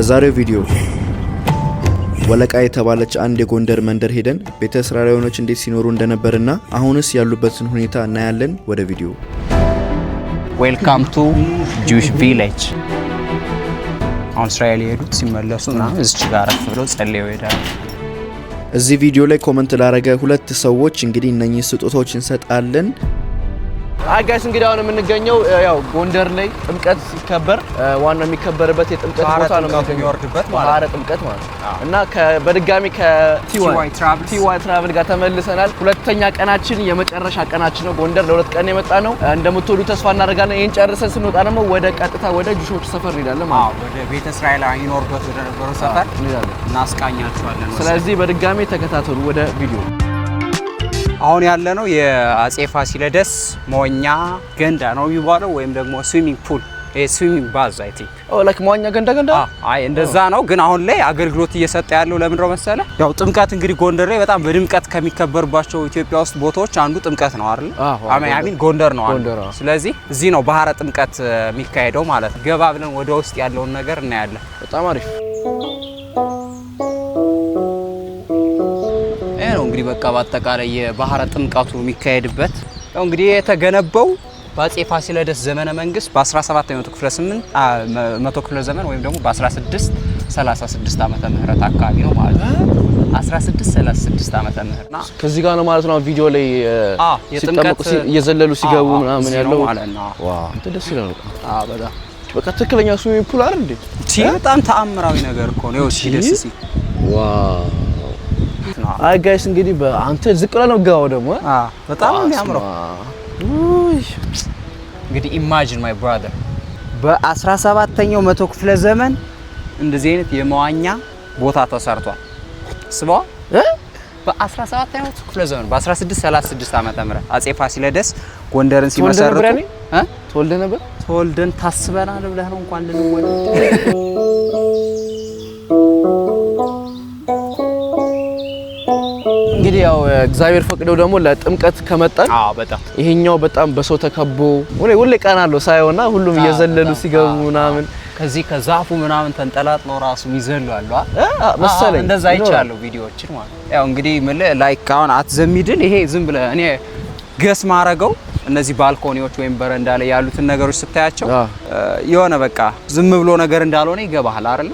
በዛሬው ቪዲዮ ወለቃ የተባለች አንድ የጎንደር መንደር ሄደን ቤተ እስራኤላውያኖች እንዴት ሲኖሩ እንደነበርና አሁንስ ያሉበትን ሁኔታ እናያለን። ወደ ቪዲዮ። ዌልካም ቱ ጁሽ ቪሌጅ። አሁን እስራኤል የሄዱት ሲመለሱ ና እዚች ጋር አረፍ ብለው ጸልየው ይሄዳሉ። እዚህ ቪዲዮ ላይ ኮመንት ላረገ ሁለት ሰዎች እንግዲህ እነኚህ ስጦታዎች እንሰጣለን። አጋይስ እንግዲህ አሁን የምንገኘው ያው ጎንደር ላይ ጥምቀት ሲከበር ዋናው የሚከበርበት የጥምቀት ቦታ ነው የሚወርድበት ማለት ነው። ጥምቀት ማለት ነው እና በድጋሚ ከቲዋይ ትራቭል ጋር ተመልሰናል። ሁለተኛ ቀናችን የመጨረሻ ቀናችን ነው። ጎንደር ለሁለት ቀን የመጣ ነው። እንደምትወዱ ተስፋ እናደርጋለን። ይህን ጨርሰን ስንወጣ ደግሞ ወደ ቀጥታ ወደ ጁሾች ሰፈር እንሄዳለን ማለት ነው። ወደ ቤተ እስራኤል አይኖርበት ወደ ነበረው ሰፈር እንሄዳለን። እናስቃኛችኋለን። ስለዚህ በድጋሚ ተከታተሉ ወደ ቪዲዮ አሁን ያለነው የአጼ ፋሲለደስ መዋኛ ገንዳ ነው የሚባለው ወይም ደግሞ ስዊሚንግ ፑል ስዊሚንግ ባዝ አይ ቲንክ ላይክ መዋኛ ገንዳ ገንዳ አይ እንደዛ ነው። ግን አሁን ላይ አገልግሎት እየሰጠ ያለው ለምንድን ነው መሰለ? ያው ጥምቀት እንግዲህ ጎንደር ላይ በጣም በድምቀት ከሚከበርባቸው ኢትዮጵያ ውስጥ ቦታዎች አንዱ ጥምቀት ነው አይደል? አሚን ጎንደር ነው። ስለዚህ እዚህ ነው ባህረ ጥምቀት የሚካሄደው ማለት ነው። ገባ ብለን ወደ ውስጥ ያለውን ነገር እናያለን። በጣም አሪፍ እንግዲህ በቃ በአጠቃላይ የባህረ ጥምቀቱ የሚካሄድበት ያው እንግዲህ የተገነባው በአፄ ፋሲለደስ ዘመነ መንግስት በ17 መቶ ክፍለ 8 መቶ ክፍለ ዘመን ወይም ደግሞ በ1636 ዓመተ ምህረት አካባቢ ነው ማለት ነው። 1636 ዓመተ ምህረት ከዚህ ጋር ነው ማለት ነው። ቪዲዮ ላይ ሲጠመቁ እየዘለሉ ሲገቡ ምናምን ያለው ማለት ነው። ደስ ይላል። አዎ በጣም በቃ ትክክለኛ ስዊሚንግ ፑል አይደል እንዴ? በጣም ተአምራዊ ነገር እኮ ነው። ሲደስ ሲ ዋው አይ ጋይስ እንግዲህ በአንተ ዝቅ ብለህ ነው ገባው ደግሞ በጣም የሚያምረው እንግዲህ ኢማጂን ማይ ብራዘር በ17ኛው መቶ ክፍለ ዘመን እንደዚህ አይነት የመዋኛ ቦታ ተሰርቷል። ስባ በ17ኛው መቶ ክፍለ ዘመን በ1636 ዓመተ ምህረት አጼ ፋሲለደስ ጎንደርን ሲመሰርቱ ተወልደ ነበር። ተወልደን ታስበናል ብለህ ነው እንኳን ልንወለድ እንግዲህ ያው እግዚአብሔር ፈቅደው ደግሞ ለጥምቀት ከመጣን በጣም ይሄኛው በጣም በሰው ተከቦ ሁሌ ቀናለሁ ሳይሆንና ሁሉም እየዘለሉ ሲገቡ ምናምን ከዚህ ከዛፉ ምናምን ተንጠላጥሎ ራሱ ይዘሉ አሉ መሰለኝ፣ እንደዛ አይቻለሁ ቪዲዮዎችን ማለት ያው እንግዲህ ምን ላይክ አሁን አትዘሚድን ይሄ ዝም ብለህ እኔ ገስ ማረገው እነዚህ ባልኮኒዎች ወይም በረንዳ ላይ ያሉትን ነገሮች ስታያቸው የሆነ በቃ ዝም ብሎ ነገር እንዳልሆነ ይገባሃል አይደል?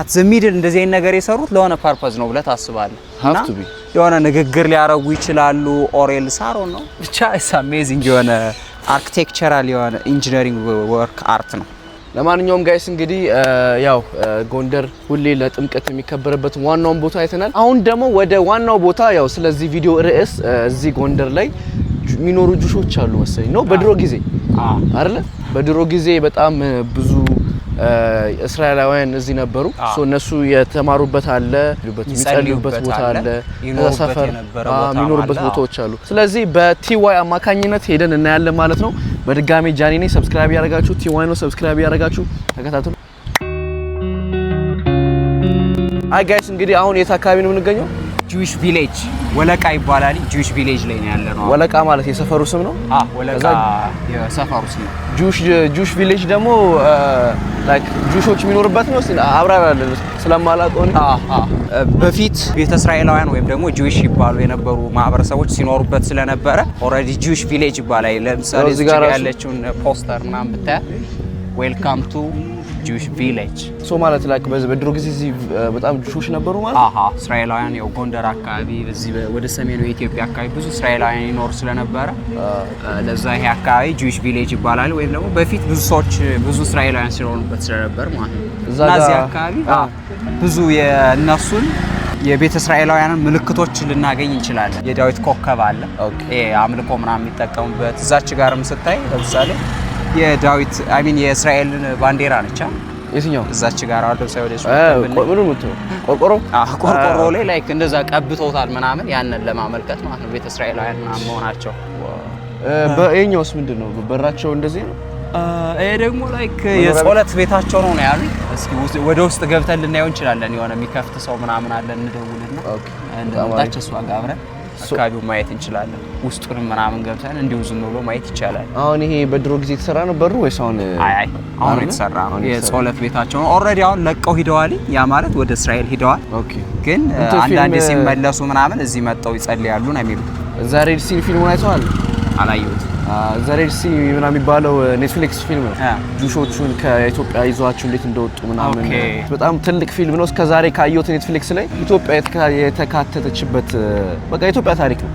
አትዘሚድል እንደዚህ አይነት ነገር የሰሩት ለሆነ ፐርፐዝ ነው ብለህ ታስባለህ። የሆነ ንግግር ሊያረጉ ይችላሉ። ኦሬል ሳሮን ነው ብቻ አሜዚንግ የሆነ አርክቴክቸራል የሆነ ኢንጂነሪንግ ወርክ አርት ነው። ለማንኛውም ጋይስ እንግዲህ ያው ጎንደር ሁሌ ለጥምቀት የሚከበርበትን ዋናውን ቦታ አይተናል። አሁን ደግሞ ወደ ዋናው ቦታ ያው ስለዚህ ቪዲዮ ርዕስ እዚህ ጎንደር ላይ የሚኖሩ ጁሾች አሉ መሰለኝ ነው በድሮ ጊዜ አይደለ? በድሮ ጊዜ በጣም ብዙ እስራኤላውያን እዚህ ነበሩ። እነሱ የተማሩበት አለ፣ የሚጸልዩበት ቦታ አለ፣ ሰፈር የሚኖሩበት ቦታዎች አሉ። ስለዚህ በቲዋይ አማካኝነት ሄደን እናያለን ማለት ነው። በድጋሚ ጃኒ ነኝ። ሰብስክራይብ ያደረጋችሁ ቲዋይ ነው፣ ሰብስክራይብ ያደረጋችሁ ተከታተሉ። አይ ጋይስ እንግዲህ አሁን የት አካባቢ ነው የምንገኘው? ጁዊሽ ቪሌጅ ወለቃ ይባላል። ጁዊሽ ቪሌጅ ላይ ነው ያለ ነው። ወለቃ ማለት የሰፈሩ ስም ነው። አዎ ወለቃ የሰፈሩ ስም ነው። ጁዊሽ ጁዊሽ ቪሌጅ ደግሞ ላይክ ጁሾች የሚኖርበት ነው። አብራራለን ስለማላውቀው። አዎ በፊት ቤተ እስራኤላውያን ወይም ደግሞ ጁዊሽ ይባሉ የነበሩ ማህበረሰቦች ሲኖሩበት ስለነበረ ኦልሬዲ ጁዊሽ ቪሌጅ ይባላል። ለምሳሌ እዚህ ጋር ያለችውን ፖስተር ምናምን ብታያት ዌልካም ቱ ጂዊሽ ቪሌጅ ሶ ማለት ላይ በድሮ ጊዜ እዚህ በጣም ጁሾች ነበሩ ማለት አሃ እስራኤላውያን ያው ጎንደር አካባቢ በዚህ ወደ ሰሜኑ የኢትዮጵያ አካባቢ ብዙ እስራኤላውያን ይኖር ስለነበረ ለዛ ይሄ አካባቢ ጂዊሽ ቪሌጅ ይባላል። ወይም ደግሞ በፊት ብዙ ሰዎች ብዙ እስራኤላውያን ስለሆኑበት ስለነበር ማለት ነው እዛ አካባቢ ብዙ የእነሱን የቤተ እስራኤላውያንን ምልክቶች ልናገኝ እንችላለን። የዳዊት ኮከብ አለ፣ አምልኮ ምናምን የሚጠቀሙበት እዛች ጋርም ስታይ ለምሳሌ የዳዊት አይ ሚን የእስራኤልን ባንዲራ ነቻ የትኛው እዛች ጋር አለው ሳይወደ እሱ ምን ምት ቆርቆሮ አህ ቆርቆሮ ላይ ላይክ እንደዛ ቀብቶታል ምናምን ያንን ለማመልከት ማለት ነው። ቤተ እስራኤላውያን ምናምን መሆናቸው በእኛውስ ምንድን ነው በራቸው እንደዚህ ነው። ይሄ ደግሞ ላይክ የጸሎት ቤታቸው ነው ነው ያሉኝ። እስኪ ወደ ውስጥ ገብተን ልናየው እንችላለን። የሆነ የሚከፍት ሰው ምናምን አለ እንደውልና ኦኬ እንደምታች እሷ ጋር አብረን አካባቢው ማየት እንችላለን። ውስጡንም ምናምን ገብተን እንዲሁ ዝም ብሎ ማየት ይቻላል። አሁን ይሄ በድሮ ጊዜ የተሰራ ነው በሩ ወይስ አሁን? አይ አሁን የተሰራ ነው። የጸሎት ቤታቸው ነው። ኦልሬዲ አሁን ለቀው ሂደዋል። ያ ማለት ወደ እስራኤል ሂደዋል። ኦኬ። ግን አንዳንዴ ሲመለሱ ምናምን እዚህ መጥተው ይጸልያሉ ነው የሚሉት። ዛሬ ሲል ፊልሙን አይተዋል? አላየሁትም ዘሬድ ሲ ምና የሚባለው ኔትፍሊክስ uh, ፊልም ነው። ጁሾቹን ከኢትዮጵያ ይዟቸው እንዴት እንደወጡ ምናምን በጣም ትልቅ ፊልም ነው። እስከዛሬ ካየሁት ኔትፍሊክስ ላይ ኢትዮጵያ የተካተተችበት uh, በቃ ኢትዮጵያ ታሪክ ነው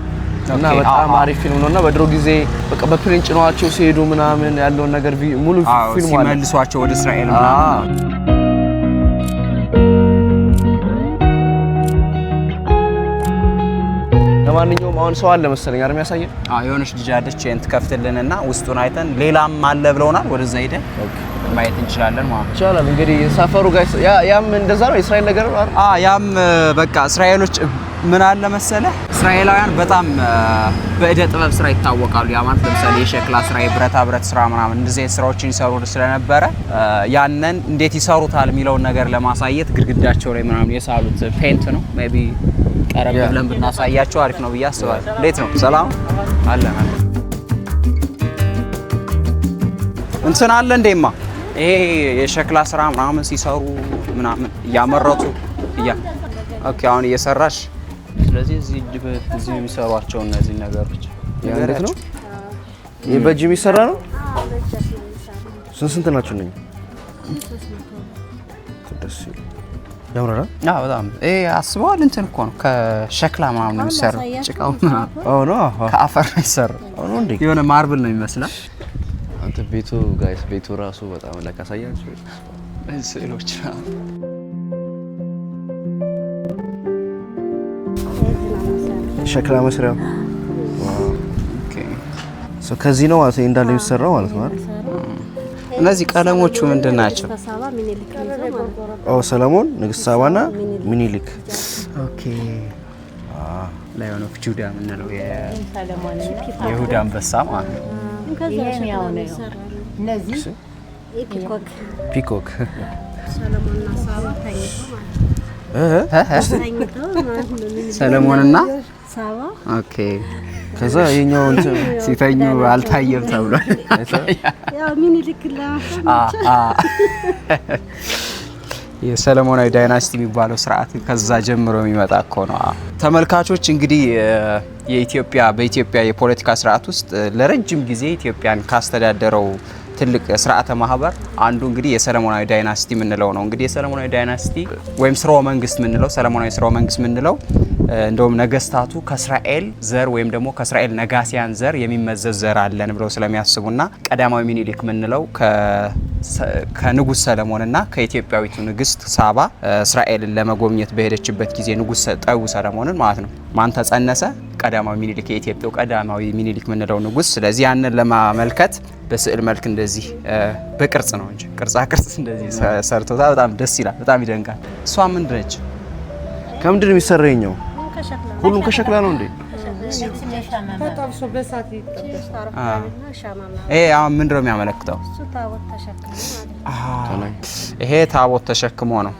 እና በጣም አሪፍ ፊልም ነው እና በድሮ ጊዜ በቃ በፕሪንጭ ነዋቸው ሲሄዱ ምናምን ያለውን ነገር ሙሉ ፊልሙ ሲመልሷቸው ወደ እስራኤል ምናምን ማንኛውም አሁን ሰው አለ መሰለኝ አይደል ያሳየ አዎ የሆነች ልጅ አለች ትከፍትልንና ውስጡን አይተን ሌላም አለ ብለውናል። ወደዛ ሄደን ማየት እንችላለን ማለት ነው። ይቻላል እንግዲህ ሰፈሩ ጋር ያ ያም እንደዛ ነው። የእስራኤል ነገር አይደል? አዎ ያም በቃ እስራኤሎች ምን አለ መሰለ እስራኤላውያን በጣም በእደ ጥበብ ስራ ይታወቃሉ። ያ ማለት ለምሳሌ የሸክላ ስራ፣ የብረታ ብረት ስራ ምናምን እንደዚህ አይነት ስራዎችን ይሰሩ ስለነበረ ያንን እንዴት ይሰሩታል የሚለውን ነገር ለማሳየት ግድግዳቸው ላይ ምናምን የሳሉት ፔንት ነው ሜይ ቢ ቀረብ ብለን ብናሳያቸው አሪፍ ነው ብዬ አስባለሁ። እንዴት ነው? ሰላም አለ እንትን አለ እንዴማ ይሄ የሸክላ ስራ ምናምን ሲሰሩ ምናምን እያመረቱ እያ ኦኬ፣ አሁን እየሰራሽ ስለዚህ እዚህ እዚህ የሚሰሯቸው እነዚህ ነገሮች ነው። በእጅ የሚሰራ ነው። ስንት ነኝ ያምራል። አዎ በጣም ይሄ አስበዋል። እንትን እኮ ነው ከሸክላ ምናምን ነው የሚሰራው፣ ጭቃው ከአፈር ነው የሚሰራው። የሆነ ማርብል ነው የሚመስላል። አንተ ቤቱ ጋይስ፣ ቤቱ ራሱ በጣም ለካሳያችሁ ስዕሎች ሸክላ መስሪያ ከዚህ ነው ማለት እንዳለ የሚሰራው ማለት ነው አይደል? እነዚህ ቀለሞቹ ምንድን ናቸው? ኦ ሰለሞን፣ ንግስት ሳባና ሚኒሊክ ኦኬ። ላይን ኦፍ ጁዳ የምንለው የይሁዳ አንበሳ ማለት ነው። ፒኮክ ሰለሞንና ኦኬ። ከዛ የኛው ሲተኙ አልታየም ተብሏል። የሰለሞናዊ ዳይናስቲ የሚባለው ስርዓት ከዛ ጀምሮ የሚመጣ እኮ ነው። ተመልካቾች እንግዲህ የኢትዮጵያ በኢትዮጵያ የፖለቲካ ስርዓት ውስጥ ለረጅም ጊዜ ኢትዮጵያን ካስተዳደረው ትልቅ ስርዓተ ማህበር አንዱ እንግዲህ የሰለሞናዊ ዳይናስቲ የምንለው ነው። እንግዲህ የሰለሞናዊ ዳይናስቲ ወይም ስርወ መንግስት የምንለው ሰለሞናዊ ስርወ መንግስት የምንለው እንደውም ነገስታቱ ከእስራኤል ዘር ወይም ደግሞ ከእስራኤል ነጋሲያን ዘር የሚመዘዝ ዘር አለን ብለው ስለሚያስቡና ቀዳማዊ ሚኒሊክ የምንለው ከንጉስ ሰለሞንና ከኢትዮጵያዊቱ ንግስት ሳባ እስራኤልን ለመጎብኘት በሄደችበት ጊዜ ንጉስ ጠዊ ሰለሞንን ማለት ነው። ማን ተጸነሰ? ቀዳማዊ ሚኒሊክ፣ የኢትዮጵያው ቀዳማዊ ሚኒሊክ የምንለው ንጉስ። ስለዚህ ያንን ለማመልከት በስዕል መልክ እንደዚህ በቅርጽ ነው እንጂ ቅርጻ ቅርጽ እንደዚህ ሰርቶታ። በጣም ደስ ይላል። በጣም ይደንቃል። እሷ ምንድነች? ከምንድን ነው የሚሰራው? ሁሉም ከሸክላ ነው እንዴ? ምንድን ነው የሚያመለክተው? ይሄ ታቦት ተሸክሞ ነው።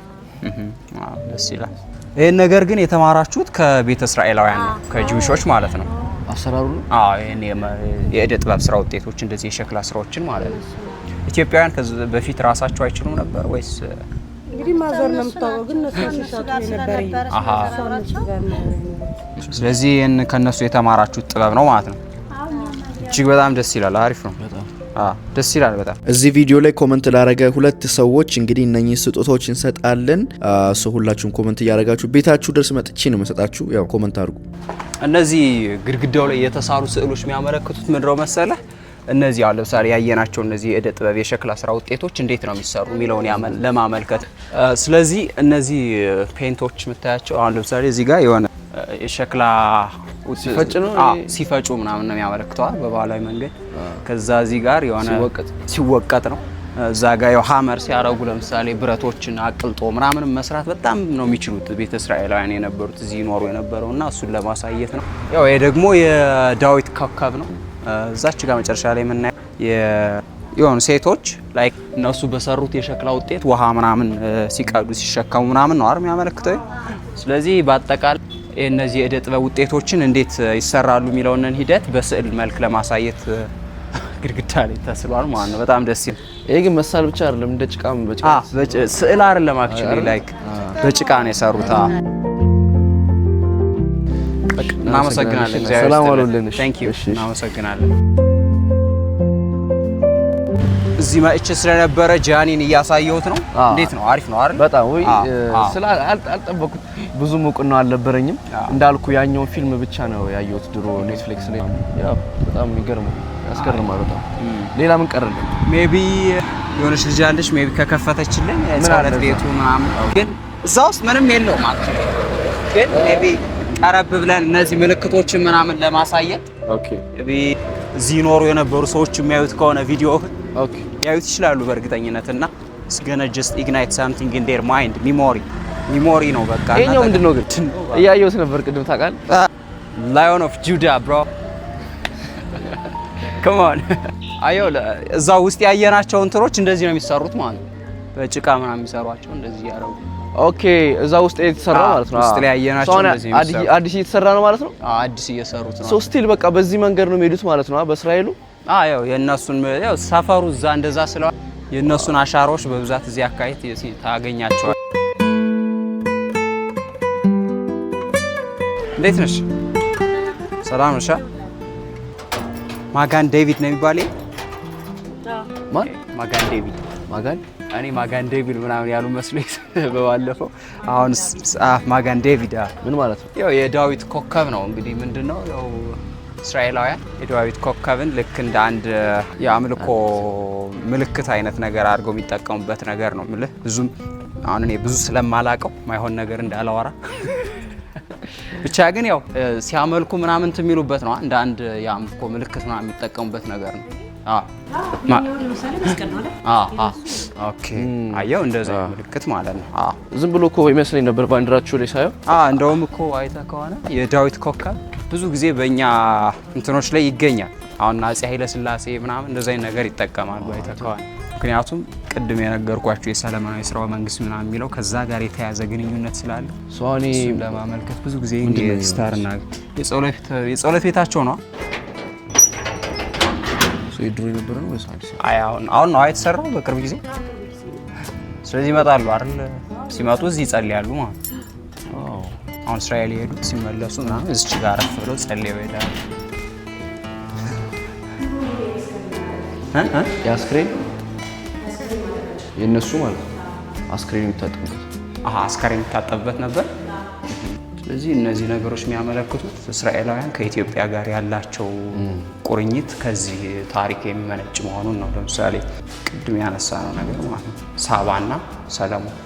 ደስ ይላል። ይህን ነገር ግን የተማራችሁት ከቤተ እስራኤላውያን ነው፣ ከጂውሾች ማለት ነው። አሰራሩ የእደ ጥበብ ስራ ውጤቶች እንደዚህ የሸክላ ስራዎችን ማለት ነው። ኢትዮጵያውያን ከዚህ በፊት ራሳቸው አይችሉም ነበር ወይስ እንግዲህ ማዘር ነው የምታወቀው? ግን እነሱ ሲሰጡ ነበር። ስለዚህ ይህን ከእነሱ የተማራችሁት ጥበብ ነው ማለት ነው። እጅግ በጣም ደስ ይላል። አሪፍ ነው። ደስ ይላል በጣም። እዚህ ቪዲዮ ላይ ኮመንት ላረገ ሁለት ሰዎች እንግዲህ እነኚህ ስጦታዎች እንሰጣለን። እሱ ሁላችሁም ኮመንት እያደረጋችሁ ቤታችሁ ድረስ መጥቼ ነው መሰጣችሁ። ያው ኮመንት አድርጉ። እነዚህ ግድግዳው ላይ የተሳሉ ስዕሎች የሚያመለክቱት ምንድነው መሰለ እነዚህ አሁን ለምሳሌ ያየናቸው እነዚህ እደ ጥበብ የሸክላ ስራ ውጤቶች እንዴት ነው የሚሰሩ የሚለውን ለማመልከት። ስለዚህ እነዚህ ፔንቶች የምታያቸው አሁን ለምሳሌ እዚህ ጋር የሆነ የሸክላ ሲፈጩ ምናምን ነው የሚያመለክተዋል በባህላዊ መንገድ። ከዛ እዚህ ጋር የሆነ ሲወቀጥ ነው እዛ ጋር ያው ሀመር ሲያረጉ ለምሳሌ ብረቶችን አቅልጦ ምናምን መስራት በጣም ነው የሚችሉት ቤተ እስራኤላውያን የነበሩት እዚህ ይኖሩ የነበረው እና እሱን ለማሳየት ነው። ያው ይሄ ደግሞ የዳዊት ኮከብ ነው። እዛች ጋር መጨረሻ ላይ የምናየው የሆኑ ሴቶች ላይክ እነሱ በሰሩት የሸክላ ውጤት ውሃ ምናምን ሲቀዱ ሲሸከሙ ምናምን ነው አርም ያመለክተው። ስለዚህ በአጠቃላይ እነዚህ የእደ ጥበብ ውጤቶችን እንዴት ይሰራሉ የሚለውን ሂደት በስዕል መልክ ለማሳየት ግድግዳ ላይ ተስሏል ማለት ነው። በጣም ደስ ይል። ይሄ ግን መሳል ብቻ አይደለም፣ እንደ ጭቃም በጭቃ ስዕል አይደለም፣ አክቹሊ ላይክ በጭቃ ነው የሰሩት። እናመሰግናለን። ሰላም አሉልን። እናመሰግናለን። እዚህ መጥቼ ስለነበረ ጃኒን እያሳየሁት ነው። እንዴት ነው? አሪፍ ነው አይደል? በጣም ወይ ስለ አልጠበኩት ብዙ እውቅና አልነበረኝም። እንዳልኩ ያኛውን ፊልም ብቻ ነው ያየሁት ድሮ ኔትፍሊክስ ላይ። ያው በጣም የሚገርመው ያስገርማል በጣም ሌላ ምን ቀረልኝ? ሜቢ የሆነች ልጅ አለች ሜቢ ከከፈተችልን ህጻረት ቤቱ ምናምን፣ ግን እዛ ውስጥ ምንም የለውም ማለት ነው። ግን ሜቢ ቀረብ ብለን እነዚህ ምልክቶችን ምናምን ለማሳየት እዚህ ይኖሩ የነበሩ ሰዎች የሚያዩት ከሆነ ቪዲዮ ያዩት ይችላሉ በእርግጠኝነት እና ጀስት ኢግናይት ሳምቲንግ ኢን ዴር ማይንድ ሚሞሪ ሚሞሪ ነው በቃ። ይሄኛው ምንድን ነው ግን? እያየሁት ነበር ቅድም ታውቃለህ። ላዮን ኦፍ ጁዳ ብሮ ከማን አየው። እዛ ውስጥ ያየናቸው እንትኖች እንደዚህ ነው የሚሰሩት ማለት ነው። በጭቃ ምናምን የሚሰሯቸው እንደዚህ ያደረጉ። ኦኬ፣ እዛ ውስጥ የተሰራ ማለት ነው። ውስጥ ላይ ያየናቸው እንደዚህ ነው። አዲስ እየተሰራ ነው ማለት ነው። አዲስ እየሰሩት ነው። ስቲል በቃ በዚህ መንገድ ነው የሚሄዱት ማለት ነው በእስራኤሉ። ያው የእነሱን ሰፈሩ እዛ እንደዛ ስለዋል የእነሱን አሻራዎች በብዛት እዚህ አካባቢ ታገኛቸዋል። እንዴት ነሽ? ሰላም ነሽ? ማጋን ዴቪድ ነው የሚባለው? ማን? ማጋን ዴቪድ። ማጋን እኔ ማጋን ዴቪድ ምናምን ያሉ መስሎኝ በባለፈው። አሁን ጻፍ ማጋን ዴቪድ ምን ማለት ነው? ያው የዳዊት ኮከብ ነው እንግዲህ። ምንድን ነው ያው እስራኤላውያን የዳዊት ኮከብን ልክ እንደ አንድ የአምልኮ ምልክት አይነት ነገር አድርገው የሚጠቀሙበት ነገር ነው። ምልህ ብዙም አሁን እኔ ብዙ ስለማላቀው ማይሆን ነገር እንዳላወራ ብቻ ግን ያው ሲያመልኩ ምናምን የሚሉበት ነው። እንደ አንድ የአምልኮ ምልክት ነው የሚጠቀሙበት ነገር ነው። አየው እንደዚህ ምልክት ማለት ነው። ዝም ብሎ እኮ ይመስለኝ ነበር ባንዲራችሁ ላይ ሳየው። እንደውም እኮ አይተህ ከሆነ የዳዊት ኮከብ ብዙ ጊዜ በእኛ እንትኖች ላይ ይገኛል። አሁን አፄ ኃይለስላሴ ምናምን እንደዚህ አይነት ነገር ይጠቀማሉ አይተህ ከሆነ ምክንያቱም ቅድም የነገርኳቸው የሰለማዊ ስራው መንግስት ምናምን የሚለው ከዛ ጋር የተያዘ ግንኙነት ስላለ እኔ ለማመልከት ብዙ ጊዜ ስታር ና የጸሎት ቤታቸው ነው። ድሮ የነበረ ነው አሁን ነው የተሰራው በቅርብ ጊዜ። ስለዚህ ይመጣሉ አይደል? ሲመጡ እዚህ ይጸልያሉ ማለት አሁን እስራኤል የሄዱት ሲመለሱ ምናምን እዚች ጋር አረፍ ብለው ጸልየው ይሄዳሉ። የእነሱ ማለት ነው። አስክሬን የሚታጠብበት አስክሬን የሚታጠብበት ነበር። ስለዚህ እነዚህ ነገሮች የሚያመለክቱት እስራኤላውያን ከኢትዮጵያ ጋር ያላቸው ቁርኝት ከዚህ ታሪክ የሚመነጭ መሆኑን ነው። ለምሳሌ ቅድም ያነሳ ነው ነገር ማለት ነው ሳባና ሰለሞን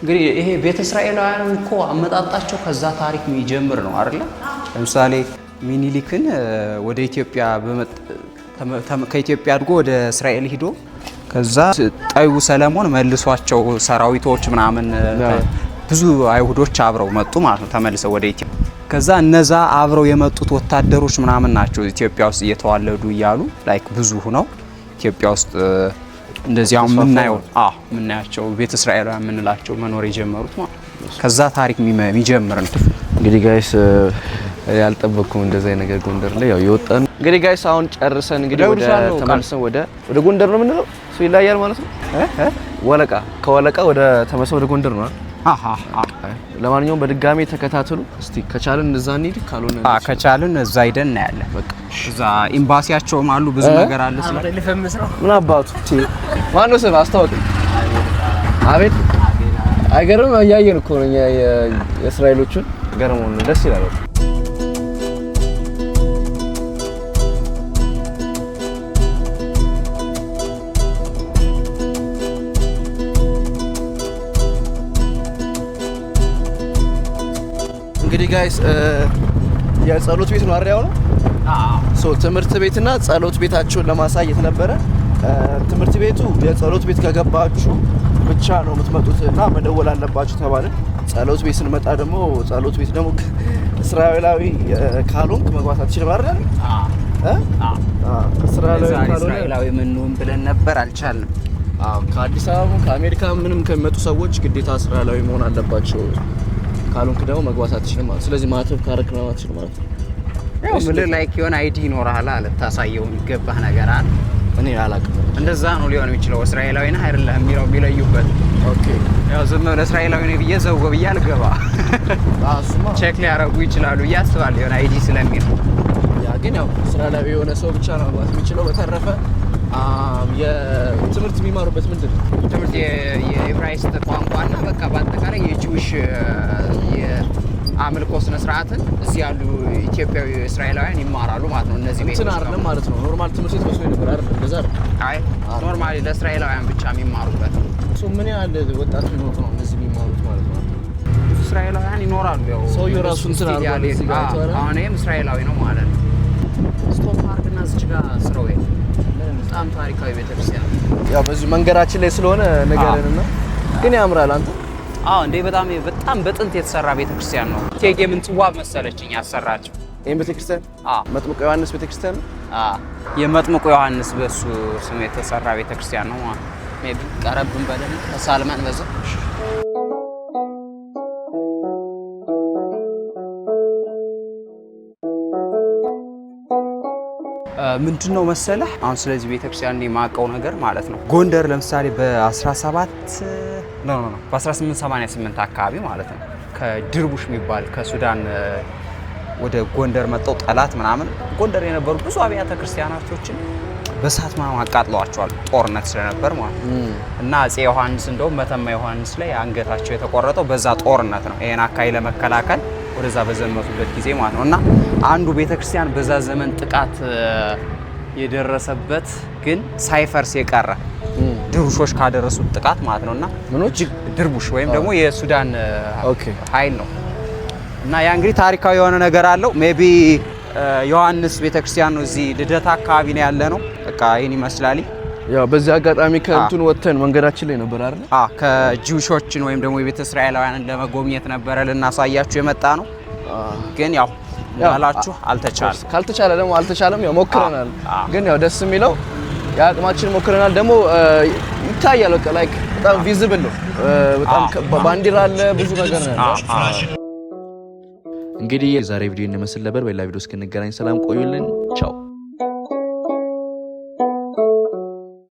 እንግዲህ ይሄ ቤተ እስራኤላውያን እኮ አመጣጣቸው ከዛ ታሪክ የሚጀምር ነው አይደለ? ለምሳሌ ሚኒሊክን ወደ ኢትዮጵያ ከኢትዮጵያ አድጎ ወደ እስራኤል ሂዶ ከዛ ጠዩ ሰለሞን መልሷቸው ሰራዊቶች ምናምን ብዙ አይሁዶች አብረው መጡ ማለት ነው፣ ተመልሰው ወደ ኢትዮጵያ። ከዛ እነዛ አብረው የመጡት ወታደሮች ምናምን ናቸው ኢትዮጵያ ውስጥ እየተዋለዱ እያሉ ላይክ ብዙ ሁነው ኢትዮጵያ ውስጥ እንደዚያው ምናየው ምናያቸው ቤተ እስራኤላውያን የምንላቸው መኖር የጀመሩት ማለት ከዛ ታሪክ የሚጀምር ነው እንግዲህ ጋይስ ያልጠበቅኩም እንደዛ ነገር ጎንደር ላይ ያው የወጣን እንግዲህ ጋይስ አሁን ጨርሰን እንግዲህ ወደ ተመልሰን ወደ ወደ ጎንደር ነው የምንለው። እሱ ይለያል ማለት ነው። ወለቃ ከወለቃ ወደ ተመልሰን ወደ ጎንደር ነው። ለማንኛውም በድጋሚ ተከታተሉ እስቲ። ከቻልን እዛ እንሂድ፣ ካልሆነ አ ከቻልን እዛ ሂደን እናያለን። በቃ እዛ ኤምባሲያቸውም አሉ ብዙ ነገር አለ። ምን አባቱ ማን ነው ስም አስታወቀኝ። አቤት አይገርም። እያየን እኮ ነው የእስራኤሎቹን ገርሞን፣ ደስ ይላል። እንግዲህ ጋይስ uh, የጸሎት ቤት ነው አሪያው ነው። ሶ ትምህርት ቤትና ጸሎት ቤታቸውን ለማሳየት ነበረ። uh, ትምህርት ቤቱ የጸሎት ቤት ከገባችሁ ብቻ ነው የምትመጡት እና መደወል አለባችሁ ተባለ። ጸሎት ቤት ስንመጣ ደግሞ ጸሎት ቤት ደግሞ እስራኤላዊ uh, ካልሆንክ መግባት አትችልም አይደል? እስራኤላዊ ምንም ብለን ነበር አልቻልንም። ከአዲስ አበባ ከአሜሪካ ምንም ከሚመጡ ሰዎች ግዴታ እስራኤላዊ መሆን አለባቸው። ካልሆንክ ደግሞ መግባት አትችልም ማለት። ስለዚህ ማተብ ካረክ ነው አትችልም ማለት ነው። ያው ምን ላይክ የሆነ አይዲ ይኖርሃል አለ ታሳየው የሚገባህ ነገር አለ። እኔ አላውቅም። እንደዛ ነው ሊሆን የሚችለው። እስራኤላዊ ነህ አይደለህም የሚለው የሚለዩበት። ኦኬ ያው ዝም ብለህ እስራኤላዊ ነህ ብዬ ዘው ብዬ አልገባ አስማ ቼክ ሊያረጉ ይችላሉ ብዬ አስባለሁ። አይዲ ስለሚል ያ ግን ያው እስራኤላዊ የሆነ ሰው ብቻ ነው ማለት የሚችለው። በተረፈ የትምህርት የሚማሩበት ምንድን ነው? ትምህርት የዕብራይስጥ ቋንቋና በቃ በአጠቃላይ የጂውሽ አምልኮ ስነ ስርዓትን እዚህ ያሉ ኢትዮጵያዊ እስራኤላውያን ይማራሉ ማለት ነው። እነዚህ ቤቶች አይደለም ማለት ነው። ኖርማል ትምህርት ቤት መስሎኝ ነበር። አይደለም እንደዛ አይደለም። አይ ኖርማሊ ለእስራኤላውያን ብቻ የሚማሩበት እሱ። ምን ያህል ወጣት ቢኖር ነው እነዚህ የሚማሩት ማለት ነው? እስራኤላውያን ይኖራሉ። ያው ሰውዬው ራሱ እንትን አሁን ይሄም እስራኤላዊ ነው ማለት ነው። ስቶፕ ፓርክ እና እዚህ ጋር ስሮዌ በጣም ታሪካዊ ቤተክርስቲያን ያው በዚህ መንገዳችን ላይ ስለሆነ ነገርን ነው፣ ግን ያምራል አንተ አዎ እንዴ በጣም በጣም በጥንት የተሰራ ቤተክርስቲያን ነው። እቴጌ ምንትዋብ መሰለችኝ ያሰራችው ይህን ቤተክርስቲያን። አዎ መጥምቁ ዮሐንስ ቤተክርስቲያን የመጥምቁ ዮሐንስ በሱ ስም የተሰራ ቤተክርስቲያን ነው። ሜቢ ቀረብን በደም ተሳልመን በዛ ምንድን ነው መሰለህ አሁን ስለዚህ ቤተክርስቲያን የማውቀው ነገር ማለት ነው ጎንደር ለምሳሌ በ17 በ1888 አካባቢ ማለት ነው። ከድርቡሽ የሚባል ከሱዳን ወደ ጎንደር መጣው ጠላት ምናምን ጎንደር የነበሩ ብዙ አብያተ ክርስቲያናቶችን በእሳት ምናምን አቃጥለዋቸዋል። ጦርነት ስለነበር ማለት እና አፄ ዮሐንስ እንደውም መተማ ዮሐንስ ላይ አንገታቸው የተቆረጠው በዛ ጦርነት ነው። ይሄን አካባቢ ለመከላከል ወደዛ በዘመቱበት ጊዜ ማለት ነው። እና አንዱ ቤተክርስቲያን በዛ ዘመን ጥቃት የደረሰበት ግን ሳይፈርስ የቀረ ድርቡሾች ካደረሱት ጥቃት ማለት ነው እና ድርቡሽ ወይም ደግሞ የሱዳን ኃይል ነው እና ያ እንግዲህ ታሪካዊ የሆነ ነገር አለው። ሜቢ ዮሐንስ ቤተክርስቲያን ነው እዚህ ልደታ አካባቢ ነው ያለ ነው። በቃ ይህን ይመስላል። ያው በዚህ አጋጣሚ ከእንቱን ወተን መንገዳችን ላይ ነበር አይደል? አዎ ከጂውሾችን ወይም ደግሞ የቤተ እስራኤላውያንን ለመጎብኘት ነበረ ልናሳያችሁ የመጣ ነው። ግን ያው እንዳላችሁ አልተቻለም። ካልተቻለ ደግሞ አልተቻለም። ያው ሞክረናል። ግን ያው ደስ የሚለው የአቅማችን ሞክረናል። ደግሞ ይታያል፣ በቃ ላይክ በጣም ቪዝብል ነው። በጣም ባንዲራ አለ፣ ብዙ ነገር ነው። እንግዲህ የዛሬ ቪዲዮ እንመስል ነበር። በሌላ ቪዲዮ እስክንገናኝ ሰላም ቆዩልን። ቻው